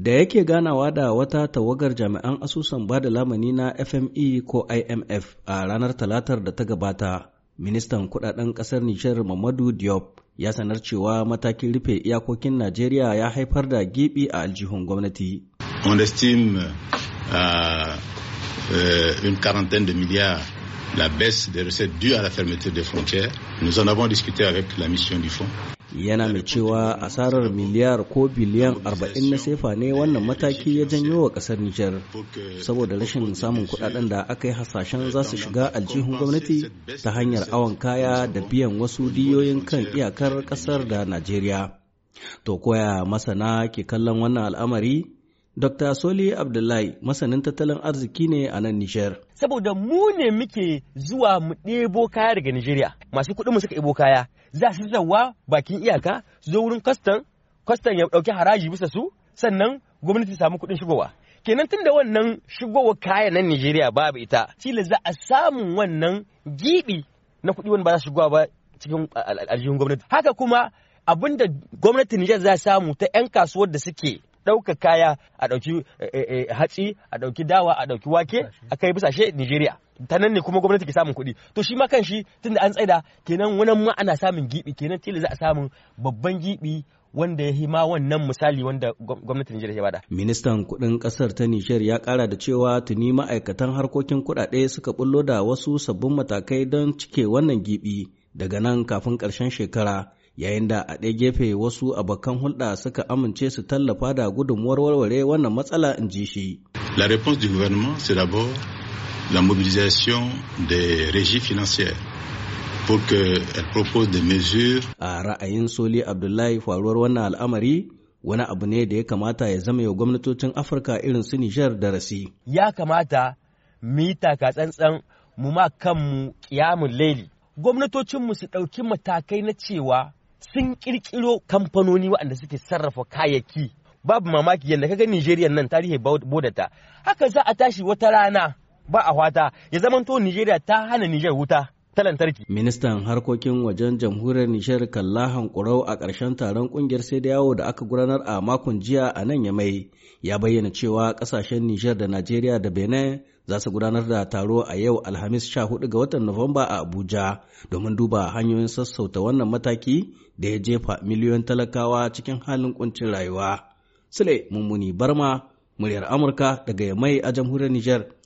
da yake ganawa da wata tawagar jami'an asusun bada lamani na fme ko imf a ranar talatar da ta gabata ministan kudaden kasar nishar mamadu diop ya sanar cewa matakin rufe iyakokin najeriya ya haifar da gibi a aljihun gwamnati on estime euh, une quarantaine de milliards la baisse des recettes dues à la fermeture des frontières. Nous en avons discuté avec la mission du fonds. yana mai cewa asarar miliyar ko biliyan 40 na sefa ne wannan mataki ya janyo wa kasar Nijar saboda rashin samun kudaden da aka yi hasashen za su shiga aljihun gwamnati ta hanyar awon kaya da biyan wasu diyoyin kan iyakar kasar da Najeriya. To koya masana ke kallon wannan al'amari? Dr. Soli Abdullahi masanin tattalin arziki ne a nan Nijar. Saboda mu ne muke zuwa mu ɗebo kaya daga Nijeriya, masu kuɗin mu suka ɗebo kaya, za su zawa bakin iyaka su zo wurin kwastan, kwastan ya ɗauki haraji bisa su, sannan gwamnati samu kuɗin shigowa. Kenan tun da wannan shigowa kaya nan Nijeriya babu ita, cila za a samu wannan giɓi na kuɗi wanda ba za shigowa ba cikin aljihun gwamnati. Haka kuma abin da gwamnatin Nijar za samu ta 'yan kasuwar da suke ɗauka kaya a ɗauki eh, eh, eh, hatsi a ɗauki dawa a ɗauki wake a kai busashe Nigeria ta nan ne kuma gwamnati ke samun kuɗi to shi ma kan shi tun da an tsaida kenan wannan ma ana samun gibi kenan tilo za a samun babban gibi wanda ya hima wannan misali wanda gwamnatin nijeriya ya bada. Ministan kuɗin kasar ta Nijar ya kara da cewa tuni ma'aikatan harkokin kuɗaɗe suka bullo da wasu sabbin matakai don cike wannan gibi daga nan kafin ƙarshen shekara yayin da a ɗaya gefe wasu abokan hulɗa suka amince su tallafa da gudunmuwar warware wannan matsala in ji shi. La réponse du gouvernement c'est d'abord la mobilisation des régies financières. pour propose des mesures. A ra'ayin Soli Abdullahi faruwar wannan al'amari wani abu ne da ya kamata ya zama yau gwamnatocin Afirka irin su Nijar da Rasi. Ya kamata mu yi tsantsan mu ma kanmu kiyamun laili. Gwamnatocinmu su ɗauki matakai na cewa sun kirkiro kamfanoni waɗanda suke sarrafa kayayyaki babu mamaki yadda kaga Nigeria nan tarihi bodata haka za a tashi wata rana ba a wata ya zama to Nigeria ta hana Niger wuta ta lantarki. Ministan harkokin wajen jamhuriyar nijar Kalla Hankurau a ƙarshen taron ƙungiyar sai da yawo da aka gudanar a makon jiya a nan ya mai, ya bayyana cewa ƙasashen Nijar da Najeriya da Benin za su gudanar da taro a yau alhamis 14 ga watan nuwamba a abuja domin duba hanyoyin sassauta wannan mataki da ya jefa miliyoyin talakawa cikin halin kuncin rayuwa sule mummuni barma muryar amurka daga mai a jamhuriyar nijar.